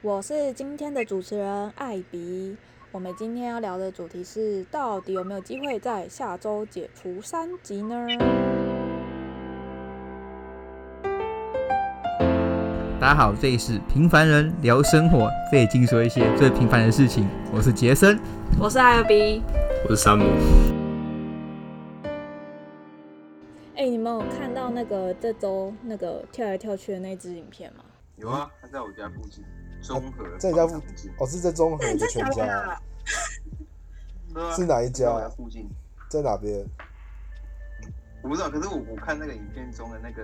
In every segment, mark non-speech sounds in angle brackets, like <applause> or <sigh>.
我是今天的主持人艾比，我們今天要聊的主題是到底有沒有機會在下周解除三級呢？大家好，這裡是平凡人聊生活，這裡淨說一些最平凡的事情。我是傑森，我是艾比，我是山姆。哎、欸，你們有看到那個這周那個跳來跳去的那支影片嗎？有啊，它在我家附近。中和，在家附近哦，是在中和的全家啊？哪啊，是哪一家？在附近，在哪邊？我不知道，可是我我看那個影片中的那個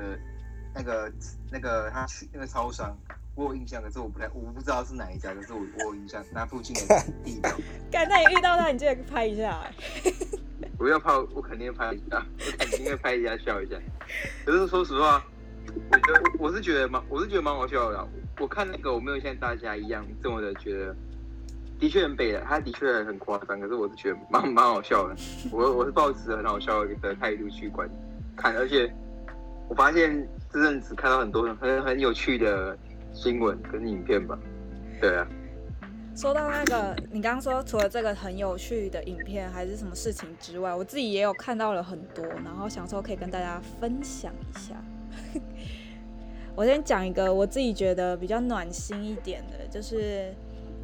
那個那個他去那個超商，我有印象，可是我不太我不知道是哪一家，可是我我有印象那附近的地標。幹，那你遇到他，你就得拍一下。不要怕，我肯定要拍一下，我肯定要拍一下，笑一下。可是說實話。我覺得我是覺得蠻，我是覺得蠻好笑的。我看那個，我沒有像大家一樣這麼的覺得，的確很悲的，他的確很誇張，可是我是覺得蠻蠻好笑的。我我是抱持很好笑的態度去觀看，而且我發現這陣子看到很多很很有趣的新聞跟影片吧。對啊。說到那個，你剛剛說除了這個很有趣的影片還是什麼事情之外，我自己也有看到了很多，然後想說可以跟大家分享一下。 <laughs> 我先講一個我自己覺得比較暖心一點的，就是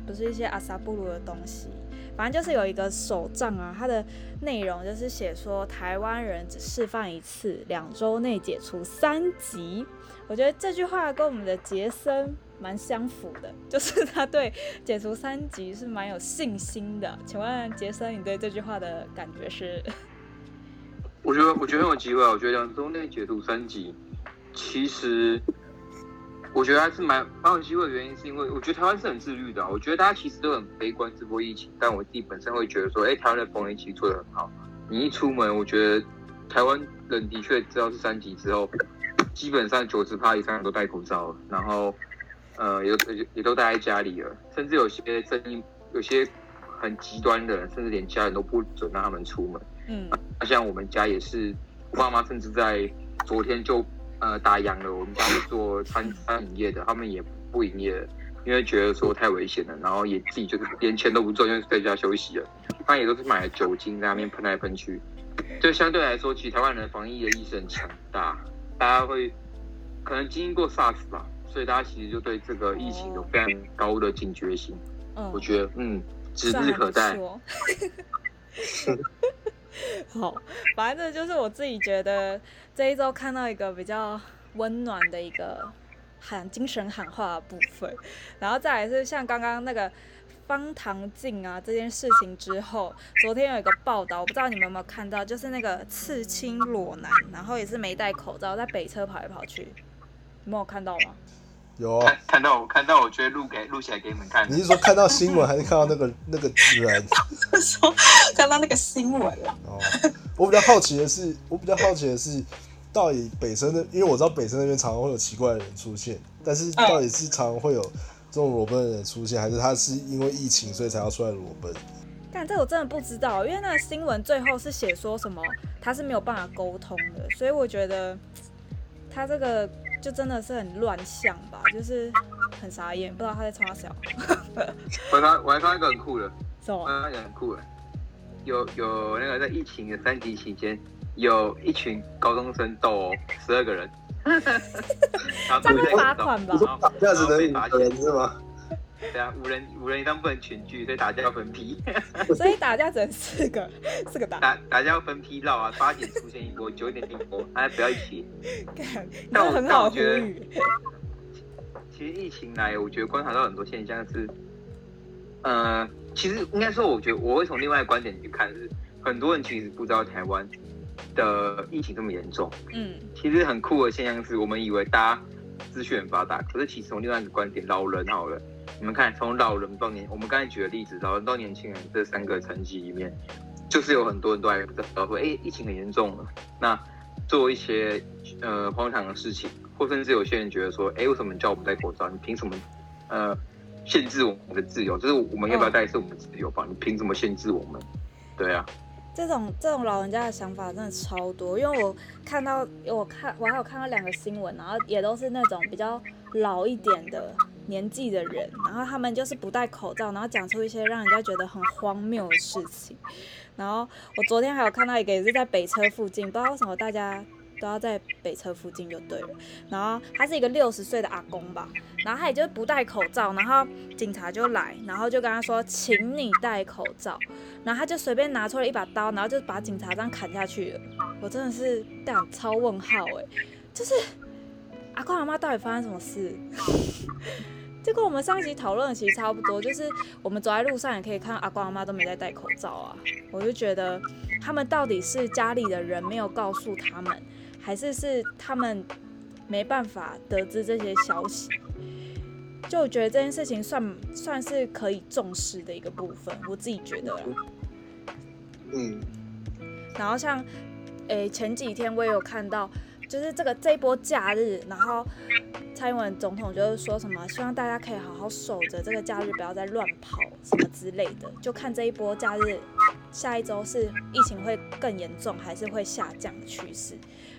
不是一些阿薩布魯的東西，反正就是有一個手賬啊，它的內容就是寫說台灣人只示範一次，兩週內解除三級。我覺得這句話跟我們的杰森蠻相符的，就是他對解除三級是蠻有信心的。請問杰森，你對這句話的感覺是？我覺得，我覺得很有機會啊。我覺得兩週內解除三級。其實，我覺得還是蠻蠻有機會。原因是因為我覺得台灣是很自律的、啊。我覺得大家其實都很悲觀這波疫情，但我自己本身會覺得說，哎，台灣的防疫其實做得很好。你一出門，我覺得台灣人的確知道是三級之後，基本上九十趴以上都戴口罩了，然後呃，有也，也都待在家裡了。甚至有些聲音，有些很極端的人，甚至連家人都不准讓他們出門。嗯、啊，像我們家也是，我爸媽甚至在昨天就。呃，打烊了。我們家裡做餐餐飲業的，他們也不營業了，因為覺得說太危險了。然後也自己就是連錢都不做，就是在家休息了。他們也都是買了酒精在那邊噴來噴去。就相對來說，其實台灣人防疫的意識很強大，大家會可能經歷過 SARS 吧，所以大家其實就對這個疫情有非常高的警覺性。哦。嗯。我覺得嗯，指日可待。 <laughs> 好，反正就是我自己覺得這一周看到一個比較溫暖的一個喊，精神喊話的部分，然後再來是像剛剛那個方唐鏡啊這件事情之後，昨天有一個報道，我不知道你們有沒有看到，就是那個刺青裸男，然後也是沒戴口罩在北車跑來跑去，你們有看到嗎？有啊，看，看到我，看到我，我覺得錄給，錄起來給你們看。你是說看到新聞，還是看到那個 <laughs> 那個自然？我是說看到那個新聞。哦，我比較好奇的是，我比較好奇的是，到底北深的，因為我知道北深那邊常常會有奇怪的人出現，但是到底是常常會有這種裸奔的人出現，還是他是因為疫情所以才要出來裸奔？但這個我真的不知道，因為那個新聞最後是寫說什麼他是沒有辦法溝通的，所以我覺得他這個。就真的是很亂象吧，就是很傻眼，不知道他在衝啥小。 <laughs> 我還我還看一個很酷的，是嗎麼？啊、很酷的，有有那個在疫情的三級期間，有一群高中生鬥毆十二個人，他們罰款吧？後打架只能拿錢是嗎？對啊，五人五人以上不能群聚，所以打架要分批。 <laughs> 所以打架只能四個，四個打。打打架要分批鬧啊，八點出現一波，九點一波，大家 <laughs> 不要一起。幹但我但很好我覺得，其實疫情來，我覺得觀察到很多現象是，呃，其實應該說，我覺得我會從另外一個觀點去看是，是很多人其實不知道台灣的疫情這麼嚴重。嗯，其實很酷的現象是，我們以為大家資訊很發達，可是其實從另外一個觀點，老人好了。你們看，從老人到年，我們剛才舉的例子，老人到年輕人這三個層級裡面，就是有很多人都還在說：“哎、欸，疫情很嚴重了。”那做一些呃荒唐的事情，或甚至有些人覺得說：“哎、欸，為什麼你叫我們戴口罩？你憑什麼？呃，限制我們的自由？就是我們要不要戴是我們的自由吧？哦、你憑什麼限制我們？”對啊，這種這種老人家的想法真的超多，因為我看到，我看我還有看到兩個新聞，然後也都是那種比較老一點的。年紀的人，然後他們就是不戴口罩，然後講出一些讓人家覺得很荒謬的事情。然後我昨天還有看到一個也是在北車附近，不知道為什麼，大家都要在北車附近就對了。然後他是一個六十歲的阿公吧，然後他也就是不戴口罩，然後警察就來，然後就跟他說，請你戴口罩。然後他就隨便拿出了一把刀，然後就把警察這樣砍下去了。我真的是這樣超問號哎、欸，就是阿公阿媽到底發生什麼事？ <laughs> 這跟我們上一集討論的其實差不多，就是我們走在路上也可以看到阿公阿媽都沒在戴口罩啊，我就覺得他們到底是家裡的人沒有告訴他們，還是是他們沒辦法得知這些消息，就我覺得這件事情算算是可以重視的一個部分，我自己覺得啦。嗯。然後像，誒、欸、前幾天我也有看到。就是這個這一波假日，然後蔡英文總統就是說什麼，希望大家可以好好守着這個假日，不要再亂跑什麼之類的。就看這一波假日，下一周是疫情會更嚴重，還是會下降的趨勢。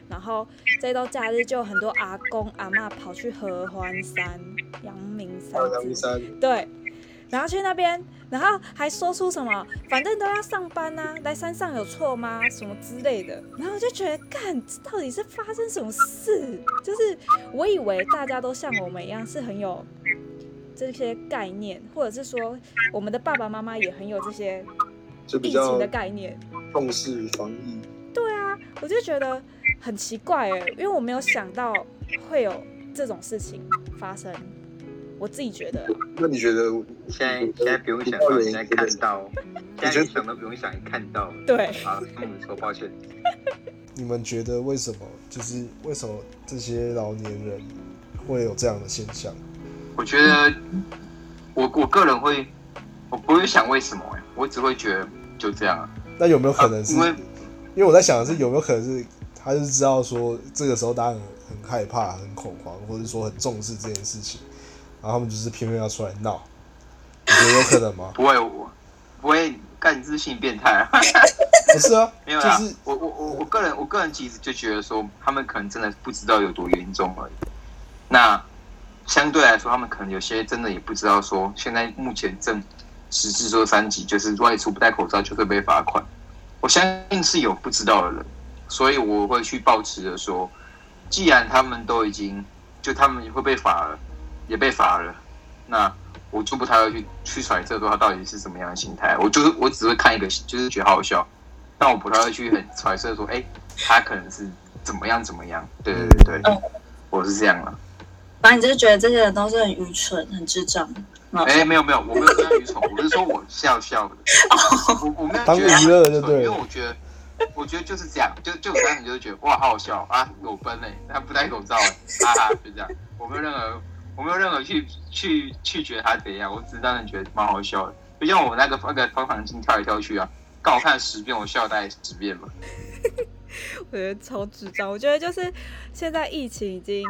然後這一週假日就很多阿公阿嬤跑去合歡山、陽明山。陽明山。對。然後去那邊，然後還說出什麼，反正都要上班啊，來山上有錯嗎？什麼之類的。然後我就覺得，幹，到底是發生什麼事？就是我以為大家都像我們一樣，是很有這些概念，或者是說，我們的爸爸媽媽也很有這些疫情的概念，重視防疫。對啊，我就覺得很奇怪哎、欸，因為我沒有想到會有這種事情發生。我自己覺得，那你覺得現在現在不用想，對現在看到，對現在想都不用想，看到。對，好、啊，那你們說，抱歉，你們覺得為什麼就是為什麼這些老年人會有這樣的現象？我覺得、嗯、我我個人會，我不會想為什麼哎、欸，我只會覺得就這樣、啊。那有沒有可能是？因為、啊、因為我在想的是有沒有可能是，他是知道說這個時候大家很，很害怕、很恐慌，或者說很重視這件事情。然後他們就是偏偏要出來鬧，你覺得有可能嗎？ <laughs> 不會，我不會，幹你這是心理變態啊！不 <laughs> <laughs> 是啊，沒有就是我我我我個人我個人其實就覺得說，他們可能真的不知道有多嚴重而已。那相對來說，他們可能有些真的也不知道說，現在目前正實施說三級，就是外出不戴口罩就會被罰款。我相信是有不知道的人，所以我會去保持著說，既然他們都已經就他們會被罰了。也被罰了，那我就不太會去去揣測說他到底是什麼樣的心態。我就是我只會看一個，就是覺得好笑。但我不太會去很揣測說，誒、欸，他可能是怎麼樣怎麼樣。對對對對，嗯、我是這樣了。反正、呃、就是覺得這些人都是很愚蠢、很智障。誒、欸，沒有沒有，我沒有說愚蠢， <laughs> 我是說我笑笑的 <laughs> 啊。我我沒有覺得愚蠢對。因為我覺得， <laughs> 我覺得就是這樣，就就我當時就是覺得哇，好好笑啊，裸奔嘞、欸，他不戴口罩，哈、啊、哈，就這樣，我沒有任何。我沒有任何去去拒絕他怎樣，我只是單純覺得蠻好笑的，就像我那個那個方長跳來跳去啊，我看十遍我笑大概十遍嘛。 <laughs> 我覺得超智障，我覺得就是現在疫情已經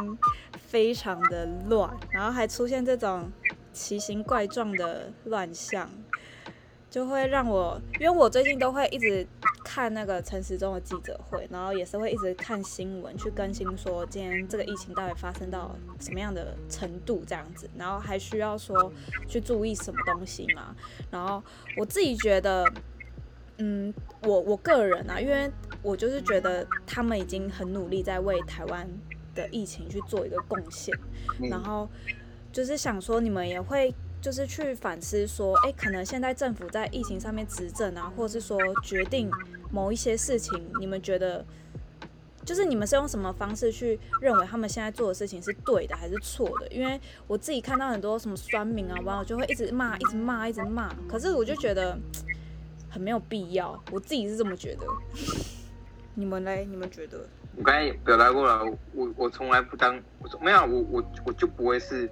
非常的亂，然後還出現這種奇形怪狀的亂象，就會讓我，因為我最近都會一直。看那個陳時中的記者會，然後也是會一直看新聞去更新，說今天這個疫情到底發生到什麼樣的程度這樣子，然後還需要說去注意什麼東西嘛？然後我自己覺得，嗯，我我個人啊，因為我就是覺得他們已經很努力在為台灣的疫情去做一個貢獻，嗯、然後就是想說你們也會就是去反思說，哎、欸，可能現在政府在疫情上面執政啊，或者是說決定。某一些事情，你們覺得，就是你們是用什麼方式去認為他們現在做的事情是對的還是錯的？因為我自己看到很多什麼酸民啊，網友就會一直罵，一直罵，一直罵。可是我就覺得很沒有必要，我自己是這麼覺得。 <laughs> 你們嘞？你們覺得？我剛才也表達過了，我我從來不當，我沒有我我我就不會是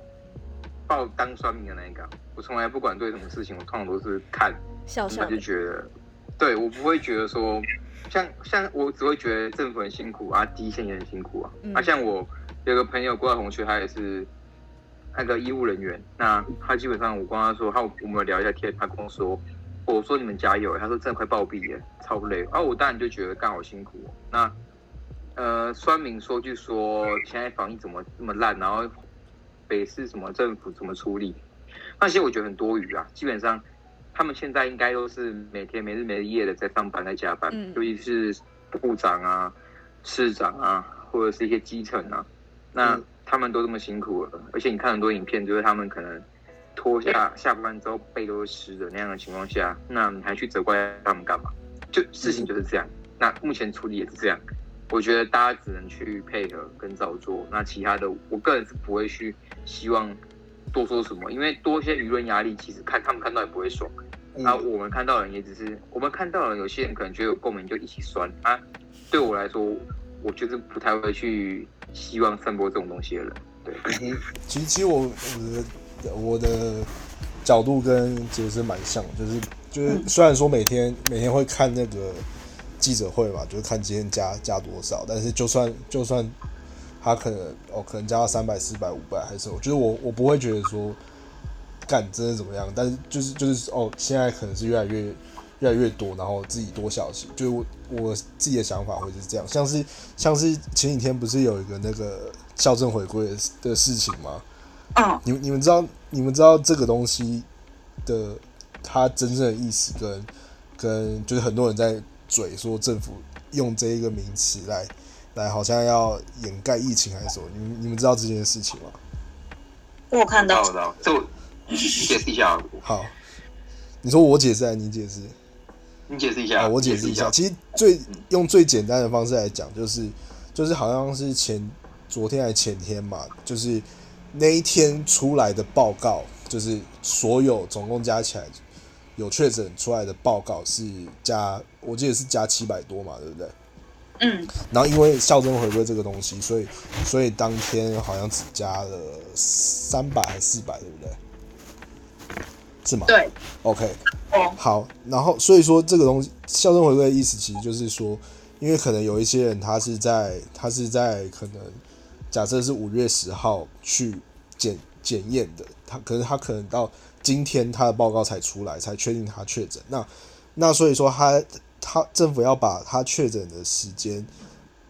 抱當酸民的那個。我從來不管對什麼事情，我通常都是看笑笑就覺得。對我不會覺得說，像像我只會覺得政府很辛苦啊，第一線也很辛苦啊。嗯、啊，像我有個朋友過來同學，他也是那個醫務人員。那他基本上我跟他說，他我們聊一下天，他跟我說，我說你們加油，他說真的快暴斃了，超累。啊，我當然就覺得剛好辛苦。那呃，酸民說就說現在防疫怎麼這麼爛，然後北市什麼政府怎麼處理。那些我覺得很多餘啊，基本上。他們現在應該都是每天沒日沒夜的在上班，在加班，嗯、尤其是部長啊、市長啊，或者是一些基層啊，那他們都這麼辛苦了，嗯、而且你看很多影片，就是他們可能脫下、欸，下班之後背都是濕的那樣的情況下，那你還去責怪他們幹嘛？就事情就是這樣，嗯、那目前處理也是這樣，我覺得大家只能去配合跟照做，那其他的我個人是不會去希望，多說什麼？因為多一些輿論壓力，其實看他們看到也不會爽。那、嗯啊、我們看到的人也只是，我們看到的人，有些人可能覺得有共鳴，就一起酸啊。對我來說，我就是不太會去希望散播這種東西的人。對，其實其實我我的，我的角度跟傑森蠻像，就是就是雖然說每天每天會看那個記者會吧，就是看今天加加多少，但是就算就算。他可能哦，可能加到三百、四百、五百，還是我，就是我，我不會覺得說幹真的怎麼樣，但是就是就是哦，現在可能是越來越越來越多，然後自己多小心，就我我自己的想法會是這樣，像是像是前幾天不是有一個那個校正回歸的的事情嗎？你你們知道你們知道這個東西的它真正的意思跟跟就是很多人在嘴說政府用這一個名詞來。來，好像要掩蓋疫情還是什麼？你們你們知道這件事情嗎？我看到了，你解釋一下啊。好，你說我解釋還是你解釋，你解釋一下。哦，我解釋一下。其實最用最簡單的方式來講，就是就是好像是前昨天還是前天嘛，就是那一天出來的報告，就是所有總共加起來有確診出來的報告是加，我記得是加七百多嘛，對不對？嗯，然後因為校正回歸這個東西，所以所以當天好像只加了三百還四百，對不對？是嗎？對。OK，嗯。好。然後所以說這個東西校正回歸的意思，其實就是說，因為可能有一些人他是在他是在可能假設是五月十號去檢檢驗的，他可是他可能到今天他的報告才出來，才確定他確診。那那所以說他。他政府要把他確診的時間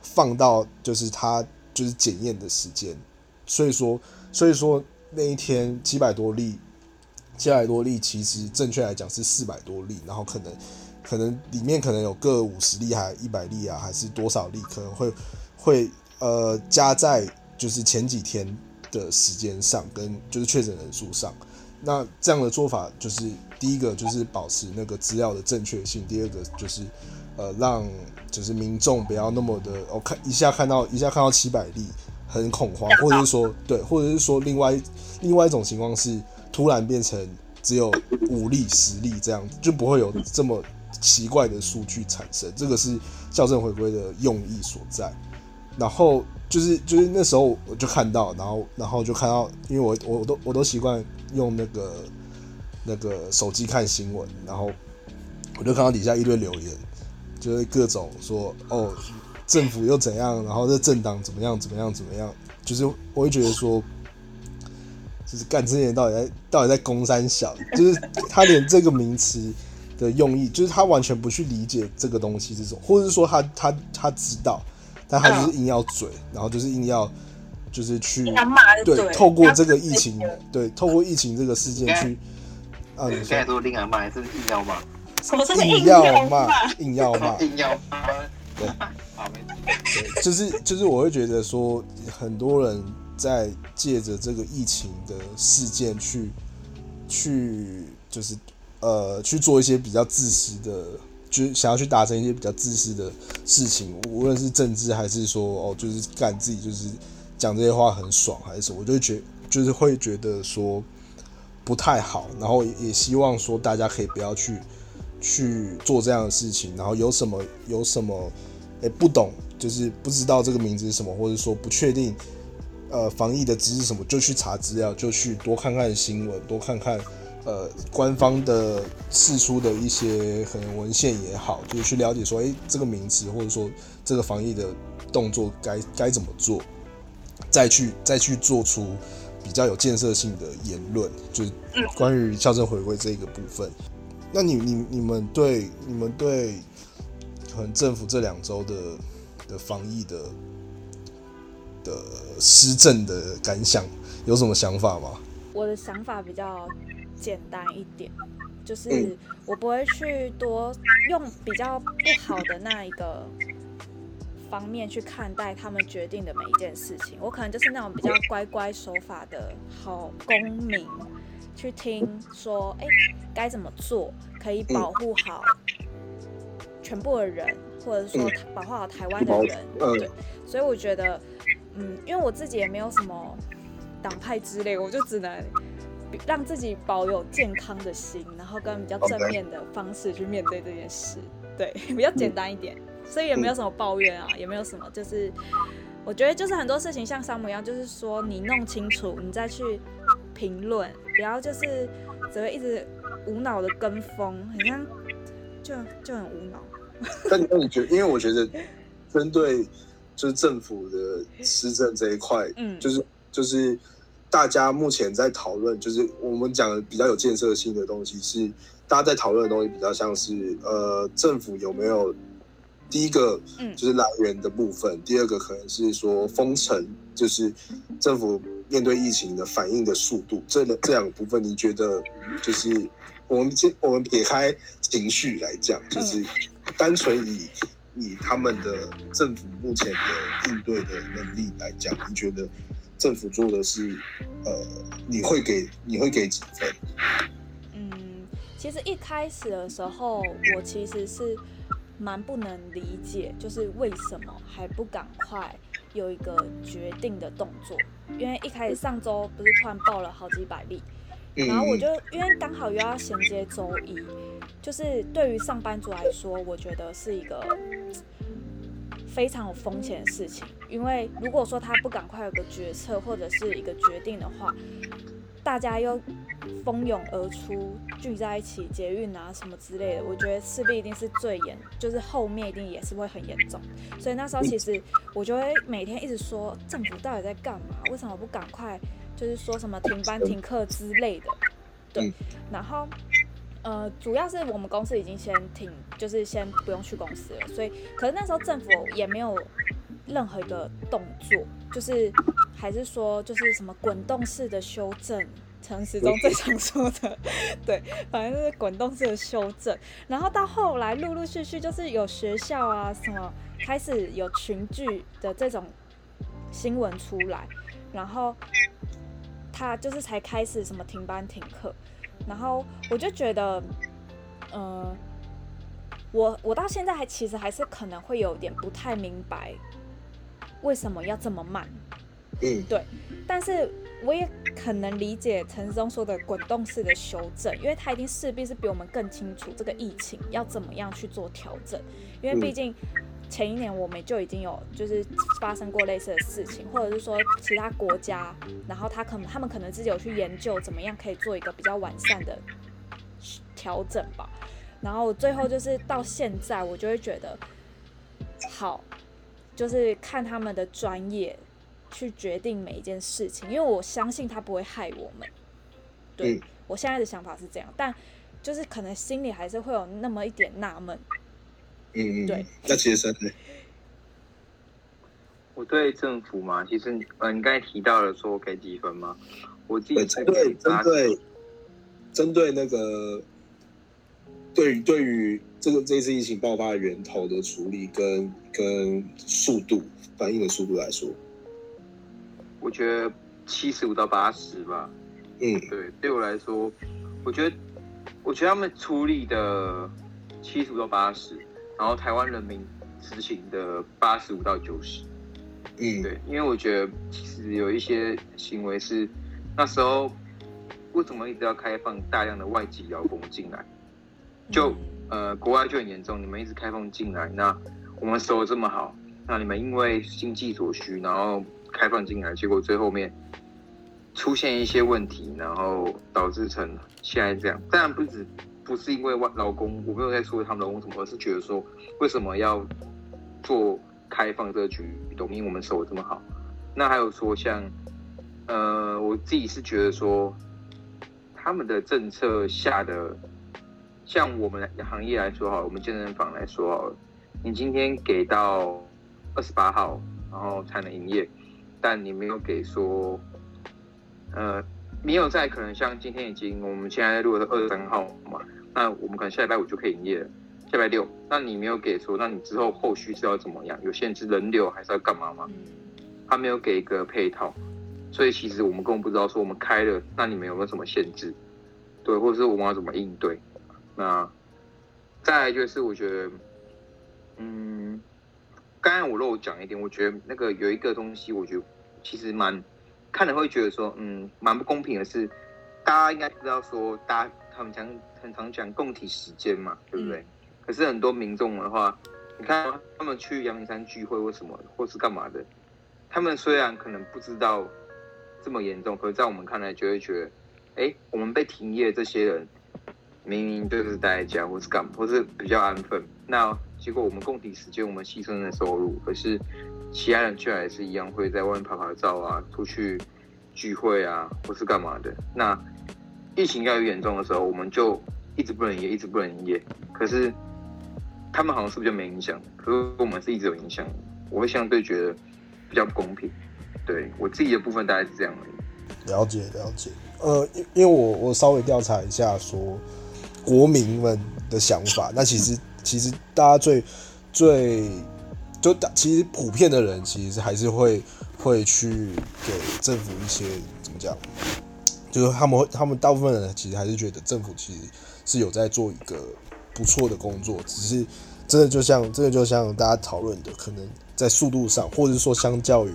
放到就是他就是檢驗的時間，所以說所以說那一天七百多例，七百多例其實正確來講是四百多例，然後可能可能裡面可能有個五十例還一百例啊，還是多少例可能會會呃加在就是前幾天的時間上跟就是確診人數上，那這樣的做法就是。第一個就是保持那個資料的正確性，第二個就是，呃，讓就是民眾不要那麼的，我、哦、看一下看到一下看到七百例很恐慌，或者是說對，或者是說另外另外一種情況是突然變成只有五例、十例這樣子，就不會有這麼奇怪的數據產生。這個是校正回歸的用意所在。然後就是就是那時候我就看到，然後然後就看到，因為我我都我都習慣用那個。那個手機看新聞，然後我就看到底下一堆留言，就是各種說哦，政府又怎樣，然後這政黨怎麼樣，怎麼樣，怎麼樣，就是我會覺得說，就是幹這些人到底在到底在攻三小，就是他連這個名詞的用意，就是他完全不去理解這個東西，這種，或者是說他他他知道，但他就是硬要嘴，然後就是硬要就是去是對透過這個疫情，死死對透過疫情這個事件去。Okay. 啊！你現在說另外罵這是硬要罵？什麼是硬要罵？硬要罵！硬要罵！硬要罵！對，好，沒事。就是就是，就是、我會覺得說，很多人在借着這個疫情的事件去去，就是呃，去做一些比較自私的，就是想要去達成一些比較自私的事情，無論是政治還是說哦，就是干自己，就是講這些話很爽還是什麼，我就覺就是會覺得說。不太好，然後也希望說大家可以不要去去做這樣的事情。然後有什麼有什麼，哎、欸，不懂就是不知道這個名字是什麼，或者說不確定，呃，防疫的知識是什麼，就去查資料，就去多看看新聞，多看看呃官方的釋出的一些可能文獻也好，就是去了解說，哎、欸，這個名字或者說這個防疫的動作該該怎麼做，再去再去做出。比較有建設性的言論，就是關於校正回歸這一個部分。那你、你、你們對你們對，可能政府這兩周的的防疫的的施政的感想有什麼想法嗎？我的想法比較簡單一點，就是我不會去多用比較不好的那一個。方面去看待他們決定的每一件事情，我可能就是那種比較乖乖守法的好公民，去聽說，誒、欸，該怎麼做可以保護好全部的人，或者是說保護好台灣的人，對。所以我覺得，嗯，因為我自己也沒有什麼黨派之類，我就只能讓自己保有健康的心，然後跟比較正面的方式去面對這件事，對，比較簡單一點。 <laughs> 所以也沒有什麼抱怨啊，嗯、也沒有什麼，就是我覺得就是很多事情像山姆一樣，就是說你弄清楚，你再去評論，不要就是只會一直無腦的跟風，很像就就很無腦。但你得，你覺，因為我覺得針對就是政府的施政這一塊，嗯，就是就是大家目前在討論，就是我們講的比較有建設性的東西，是大家在討論的東西比較像是呃，政府有沒有？第一個，就是來源的部分；嗯、第二個，可能是說封城，就是政府面對疫情的反應的速度。這兩這兩個部分，你覺得就是我們這我們撇開情緒來講，就是單純以、嗯、以他們的政府目前的應對的能力來講，你覺得政府做的是，呃，你會給你會給幾分？嗯，其實一開始的時候，我其實是。蠻不能理解，就是為什麼還不趕快有一個決定的動作？因為一開始上周不是突然爆了好幾百例，然後我就因為剛好又要銜接週一，就是對於上班族來說，我覺得是一個非常有風險的事情。因為如果說他不趕快有個決策或者是一個決定的話，大家又蜂擁而出，聚在一起，捷運啊什麼之類的，我覺得勢必一定是最嚴，就是後面一定也是會很嚴重。所以那時候其實我就會每天一直說，政府到底在幹嘛？為什麼不趕快就是說什麼停班停課之類的？對。然後呃，主要是我們公司已經先停，就是先不用去公司了。所以，可是那時候政府也沒有。任何一個動作，就是還是說就是什麼滾動式的修正，陳時中最常說的。對，反正就是滾動式的修正。然後到後來陸陸續續就是有學校啊什麼開始有群聚的這種新聞出來，然後他就是才開始什麼停班停課。然後我就覺得，嗯、呃，我我到現在還其實還是可能會有點不太明白。為什麼要這麼慢？嗯，對。但是我也很能理解陳時中說的滾動式的修正，因為他一定勢必是比我們更清楚這個疫情要怎麼樣去做調整。因為畢竟前一年我們就已經有就是發生過類似的事情，或者是說其他國家，然後他可能他們可能自己有去研究怎麼樣可以做一個比較完善的調整吧。然後最後就是到現在，我就會覺得好。就是看他們的專業去決定每一件事情，因為我相信他不會害我們。對、嗯、我現在的想法是這樣，但就是可能心裡還是會有那麼一點納悶。嗯嗯對，對。那其實，我對政府嘛，其實你呃、啊，你剛才提到了說給幾分嗎？我針、欸、對針對針對那個。對於對於這個這次疫情爆發源頭的處理跟跟速度反應的速度來說，我覺得七十五到八十吧。嗯，對，對我來說，我覺得我覺得他們處理的七十五到八十，然後台灣人民執行的八十五到九十。嗯，對，因為我覺得其實有一些行為是那時候，為什麼一直要開放大量的外籍勞工進來？就呃，國外就很嚴重，你們一直開放進來，那我們守得這麼好，那你們因為經濟所需，然後開放進來，結果最後面出現一些問題，然後導致成現在這樣。當然不只不是因為勞工，我沒有在說他們勞工什麼，而是覺得說為什麼要做開放這局，因為我們守得這麼好。那還有說像呃，我自己是覺得說他們的政策下的。像我們行業來說哈，我們健身房來說哈，你今天給到二十八號，然後才能營業，但你沒有給說，呃，沒有在可能像今天已經，我們現在如果是二十三號嘛，那我們可能下禮拜五就可以營業了，下禮拜六，那你沒有給說，那你之後後續是要怎麼樣？有限制人流還是要幹嘛嗎？他沒有給一個配套，所以其實我們根本不知道說我們開了，那你們有沒有什麼限制？對，或者是我們要怎麼應對？那、啊，再來就是我覺得，嗯，剛剛我漏講一點，我覺得那個有一個東西，我覺得其實蠻，看了會覺得說，嗯，蠻不公平的是，大家應該知道說，大家他們講很常講共體時艱嘛，對不對？嗯、可是很多民眾的話，你看他們去陽明山聚會，或什麼，或是幹嘛的？他們雖然可能不知道這麼嚴重，可是在我們看來就會覺得，哎、欸，我們被停業這些人。明明就是待在家，或是幹嘛，或是比較安分。那結果我們共體時艱，我們犧牲的收入，可是其他人卻還是一樣會在外面拍拍照啊，出去聚會啊，或是幹嘛的。那疫情越來越嚴重的時候，我們就一直不能營業，一直不能營業。可是他們好像是比較沒影響，可是我們是一直有影響。我會相對覺得比較不公平。對，我自己的部分大概是這樣而已。了解，了解。呃，因因為我我稍微調查一下說。國民們的想法，那其實其實大家最最就大其實普遍的人，其實還是會會去給政府一些怎麼講，就是他們他們大部分人其實還是覺得政府其實是有在做一個不錯的工作，只是真的就像真的就像大家討論的，可能在速度上，或者是說相較於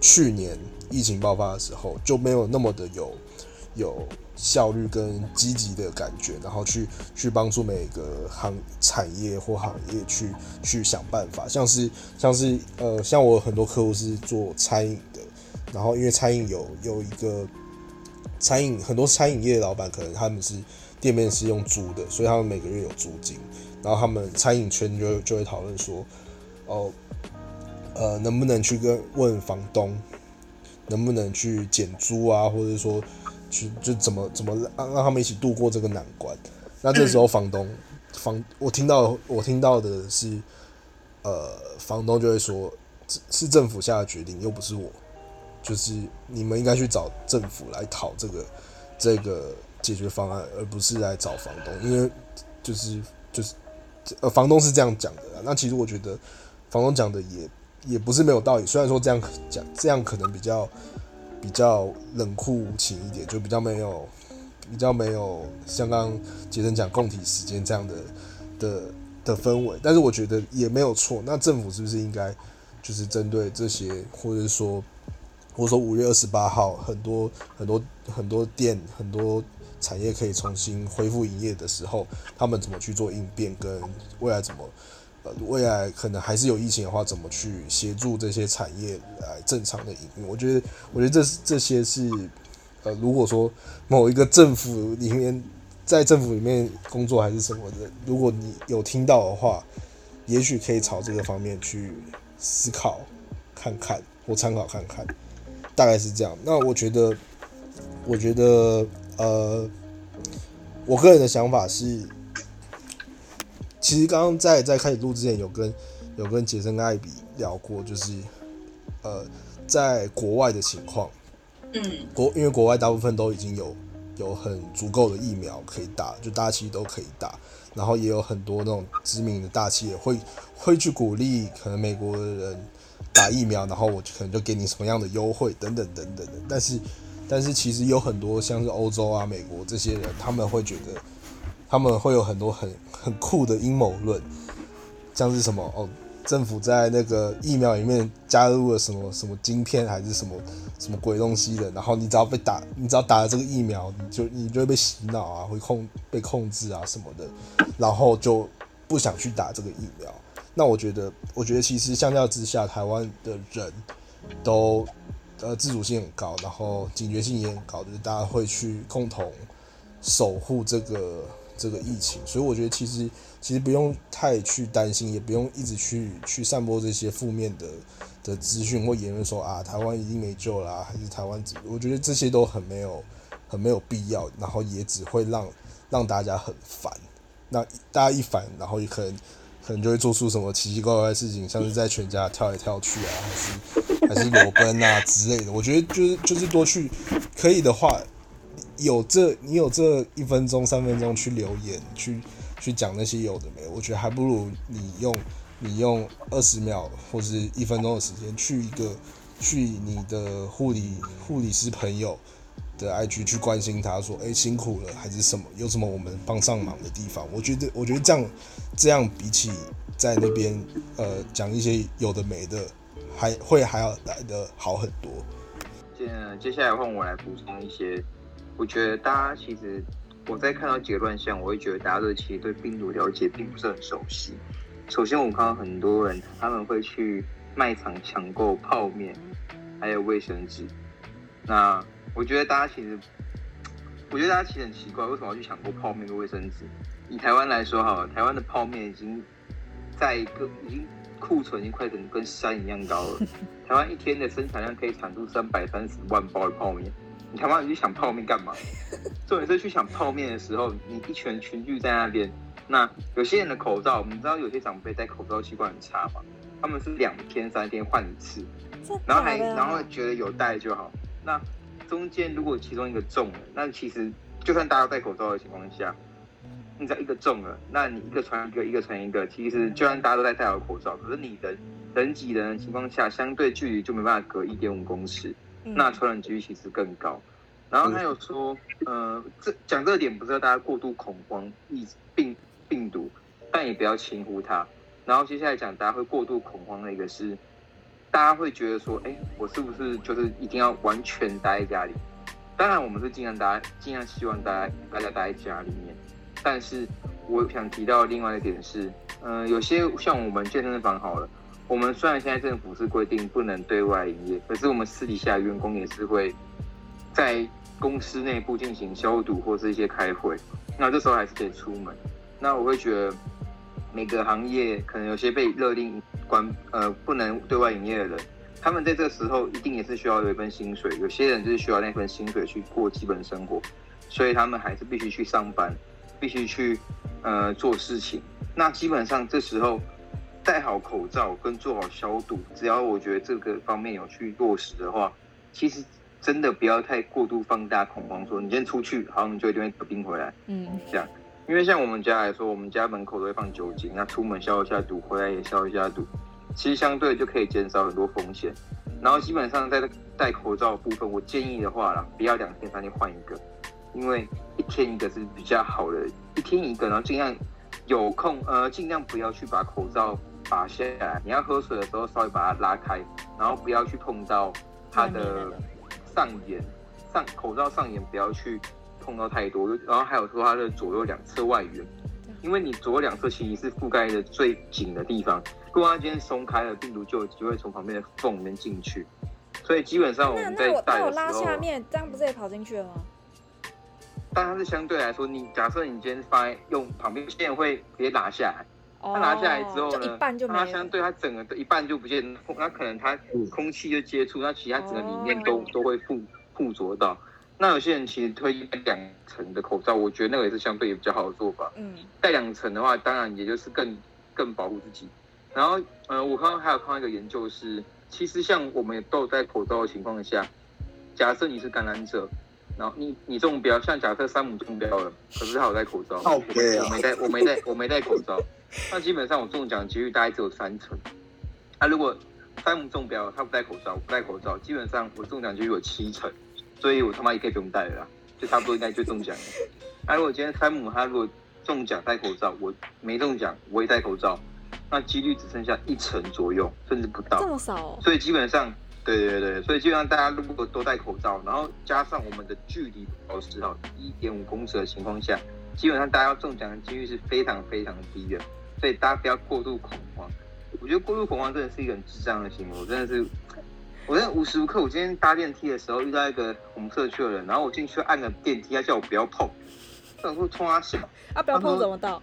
去年疫情爆發的時候，就沒有那麼的有。有效率跟積極的感覺，然後去去幫助每個行產業或行業去去想辦法，像是像是呃像我很多客戶是做餐飲的。然後因為餐飲有有一個餐飲很多餐飲業的老板可能他們是店面是用租的，所以他們每個月有租金，然後他們餐飲圈就會就會討論說，哦呃，呃能不能去跟問房東能不能去減租啊，或者說。去就怎麼怎麼讓讓他們一起度過這個難關？那這時候房東房，我聽到我聽到的是，呃，房東就會說，是政府下的決定，又不是我，就是你們應該去找政府來討這個這個解決方案，而不是來找房東，因為就是就是呃，房東是這樣講的啦。那其實我覺得房東講的也也不是沒有道理，雖然說這樣講這樣可能比較。比較冷酷無情一點，就比較沒有，比較沒有像剛剛，像剛傑森講共體時艱這樣的的的氛圍。但是我覺得也沒有錯。那政府是不是應該，就是針對這些，或者說，我說五月二十八號，很多很多很多店，很多產業可以重新恢復營業的時候，他們怎麼去做應變，跟未來怎麼？呃，未來可能還是有疫情的話，怎麼去協助這些產業來正常的營運？我覺得，我覺得這這些是，呃，如果說某一個政府裡面在政府裡面工作還是生活的，如果你有聽到的話，也許可以朝這個方面去思考看看，或參考看看，大概是這樣。那我覺得，我覺得，呃，我個人的想法是。其實剛剛在在開始錄之前有，有跟有跟傑森跟艾比聊過，就是呃，在國外的情況，嗯，國因為國外大部分都已經有有很足夠的疫苗可以打，就大家其實都可以打，然後也有很多那種知名的大企業會會去鼓勵可能美國的人打疫苗，然後我可能就給你什麼樣的優惠等等等等的。但是但是其實有很多像是歐洲啊、美國這些人，他們會覺得。他們會有很多很很酷的陰謀論，像是什麼哦，政府在那個疫苗裡面加入了什麼什麼晶片還是什麼什麼鬼東西的，然後你只要被打，你只要打了這個疫苗，你就你就會被洗腦啊，會控被控制啊什麼的，然後就不想去打這個疫苗。那我覺得，我覺得其實相較之下，台灣的人都呃自主性很高，然後警覺性也很高，就是大家會去共同守護這個。這個疫情，所以我覺得其實其實不用太去擔心，也不用一直去去散播這些負面的的資訊或言論，說啊台灣已經沒救啦啊，還是台灣，我覺得這些都很沒有很沒有必要，然後也只會讓讓大家很煩。那大家一煩，然後也可能可能就會做出什麼奇奇怪怪的事情，像是在全家跳來跳去啊，還是還是裸奔啊之類的。我覺得就是就是多去，可以的話。有這，你有這一分鐘、三分鐘去留言、去去講那些有的沒，我覺得還不如你用你用二十秒或是一分鐘的時間去一個去你的護理護理師朋友的 IG 去關心他說，哎、欸，辛苦了還是什麼，有什麼我們幫上忙的地方？我覺得，我覺得這樣這樣比起在那邊呃講一些有的沒的，還會還要來得好很多。接接下來換我來補充一些。我覺得大家其實，我在看到幾個亂象，我會覺得大家對其實對病毒了解並不是很熟悉。首先，我看到很多人他們會去賣場搶購泡麵，還有衛生紙。那我覺得大家其實，我覺得大家其實很奇怪，為什麼要去搶購泡麵跟衛生紙？以台灣來說，哈，台灣的泡麵已經在一個已經庫存已經快成跟山一樣高了。台灣一天的生產量可以產出三百三十萬包的泡麵。你他媽，你去想泡面幹嘛？重點是去想泡面的時候，你一群群聚在那邊。那有些人的口罩，你知道有些長輩戴口罩習慣很差嘛，他們是兩天三天換一次，然後還然後覺得有戴就好。那中間如果其中一個中了，那其實就算大家戴口罩的情況下，你只要一個中了，那你一個傳一個，一個傳一個，其實就算大家都在戴好口罩，可是你的人人擠人的情況下，相對距離就沒辦法隔一點五公尺。那傳染機率其實更高，然後他有說，嗯、呃，這講這個點，不是要大家過度恐慌疫病病毒，但也不要輕忽它。然後接下來講，大家會過度恐慌的一個是，大家會覺得說，哎、欸，我是不是就是一定要完全待在家裡？當然，我們是盡量大家盡量希望大家大家待在家裡面，但是我想提到另外一點是，嗯、呃，有些像我們健身房好了。我們雖然現在政府是規定不能對外營業，可是我們私底下的員工也是會在公司內部進行消毒，或是一些開會。那這時候還是得出門。那我會覺得每個行業可能有些被勒令關，呃，不能對外營業的人，他們在這時候一定也是需要有一份薪水。有些人就是需要那份薪水去過基本生活，所以他們還是必須去上班，必須去呃，做事情。那基本上這時候。戴好口罩跟做好消毒，只要我覺得這個方面有去落實的話，其實真的不要太過度放大恐慌說，你先出去，好，你就一定會得病回來，嗯，這樣。因為像我們家來說，我們家門口都會放酒精，那出門消一下毒，回來也消一下毒，其實相對就可以減少很多風險。然後基本上在戴口罩的部分，我建議的話啦，不要兩天三天換一個，因為一天一個是比較好的，一天一個，然後儘量有空，呃，儘量不要去把口罩。把下來，你要喝水的時候稍微把它拉開，然後不要去碰到它的上沿，上口罩上沿不要去碰到太多。然後還有說它的左右兩側外緣，對因為你左右兩側其實是覆蓋的最緊的地方，如果它今天鬆開了，病毒就有機會從旁邊的縫裡面進去。所以基本上我們在戴的時候，拉下面，這樣不是也跑進去了嗎？但它是相對來說，你假設你今天發用旁邊線會直接拉下來。它、oh, 拿下來之後呢，它相對它整個的一半就不見，那它、嗯、可能它空氣就接觸，那、嗯、其他整個裡面都、嗯、都會附附着到。那有些人其實戴兩層的口罩，我覺得那個也是相對比較好的做法。嗯，戴兩層的話，當然也就是更更保護自己。然後，呃，我剛剛還有看到一個研究是，其實像我們都有戴口罩的情況下，假設你是感染者，然後你你中標，像假設山姆中標了，可是他有戴口罩，OK，我，我，沒、我沒戴，我沒戴，我沒戴口罩。 <laughs> <laughs> 那基本上我中獎幾率大概只有三成。他、啊、如果山姆中標，他不戴口罩，我不戴口罩，基本上我中獎幾率有七成，所以我他媽也可以不用戴了啦，就差不多應該就中獎了。那、 <laughs> 啊、如果今天山姆他如果中獎戴口罩，我沒中獎我也戴口罩，那幾率只剩下一成左右，甚至不到。這麼少、哦？所以基本上，對對對，所以基本上大家如果都戴口罩，然後加上我們的距離保持到一點五公尺的情況下，基本上大家要中獎的幾率是非常非常低的。所以大家不要過度恐慌，我覺得過度恐慌真的是一個很智障的行為。我真的是，我在無時無刻，我今天搭電梯的時候遇到一個我們社區的人，然後我進去按了電梯，他叫我不要碰，說他說衝他笑，啊，不要碰說怎麼到？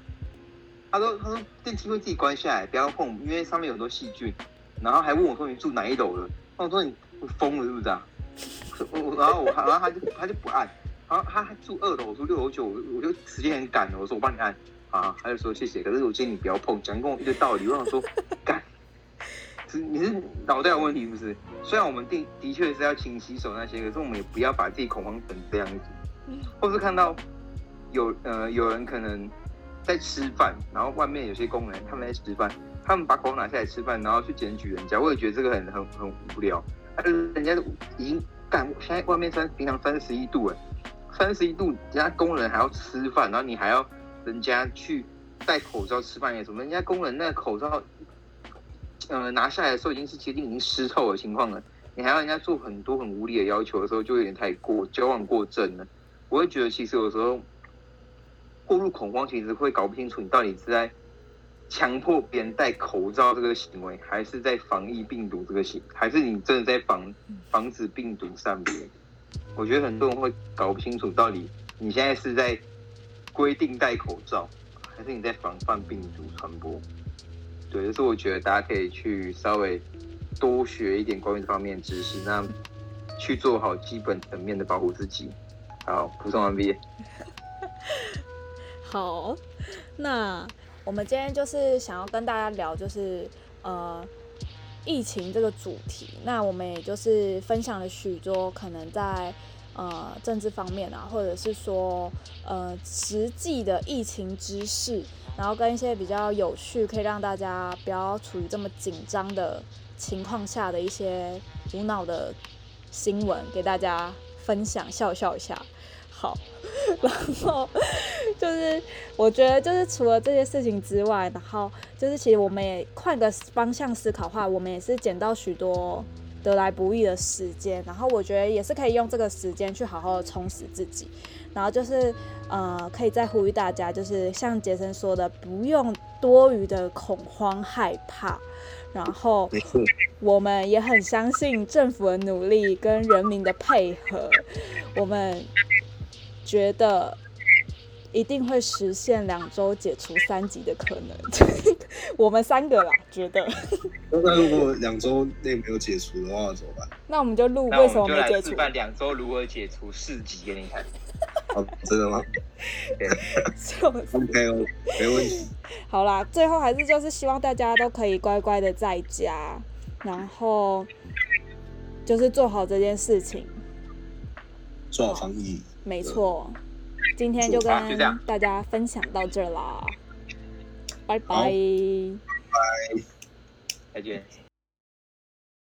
他說他說電梯會自己關下來，不要碰，因為上面有很多細菌。然後還問我說你住哪一樓的？我說你瘋了是不是啊？我我然後我然後他就 <laughs> 他就不按，然後他還住二樓，我住六樓九，我就時間很趕了，我說我幫你按。啊，他就說謝謝，可是我建議你不要碰，講跟我一個道理。我想說，幹，是你是腦袋有問題不是？雖然我們定的的確是要勤洗手那些，可是我們也不要把自己恐慌成這樣子。嗯。或是看到有呃有人可能在吃飯，然後外面有些工人他們在吃飯，他們把口罩拿下來吃飯，然後去檢舉人家，我也覺得這個很很很無聊。但是人家已經幹，現在外面三平常三十一度哎，三十一度人家工人還要吃飯，然後你還要。人家去戴口罩吃飯也什麼，人家工人那個口罩，呃，拿下來的時候已經是接近已經濕透的情況了。你還要人家做很多很無理的要求的時候，就有點太過矯枉過正了。我會覺得其實有時候過度恐慌，其實會搞不清楚你到底是在強迫別人戴口罩這個行為，還是在防疫病毒這個行，還是你真的在防防止病毒上面。我覺得很多人會搞不清楚到底你現在是在。規定戴口罩，還是你在防範病毒傳播？對，就是我覺得大家可以去稍微多學一點關於這方面的知識，那去做好基本層面的保護自己。好，補充完畢。好，那我們今天就是想要跟大家聊就是呃疫情這個主題，那我們也就是分享了許多可能在。呃，政治方面啊，或者是說，呃，實際的疫情知識，然後跟一些比較有趣，可以讓大家不要處於這麼緊張的情況下的一些無腦的新聞，給大家分享笑笑一下。好，然後就是我覺得就是除了這些事情之外，然後就是其實我們也換個方向思考的話，我們也是撿到許多。得來不易的時間，然後我覺得也是可以用這個時間去好好的充實自己，然後就是呃，可以再呼籲大家，就是像傑森說的，不用多餘的恐慌害怕，然後我們也很相信政府的努力跟人民的配合，我們覺得。一定會實現兩週解除三級的可能， <laughs> 我們三個啦，覺得。那如果兩週內沒有解除的話怎麼辦？那我們就錄，為什麼沒解除？兩週如何解除四級給你看？哦、真的嗎 <laughs> <laughs> ？OK OK，哦、沒問題。好啦，最後還是就是希望大家都可以乖乖的在家，然後就是做好這件事情，做好防疫，沒錯。今天就跟大家分享到這啦，啊，拜拜，拜，再見。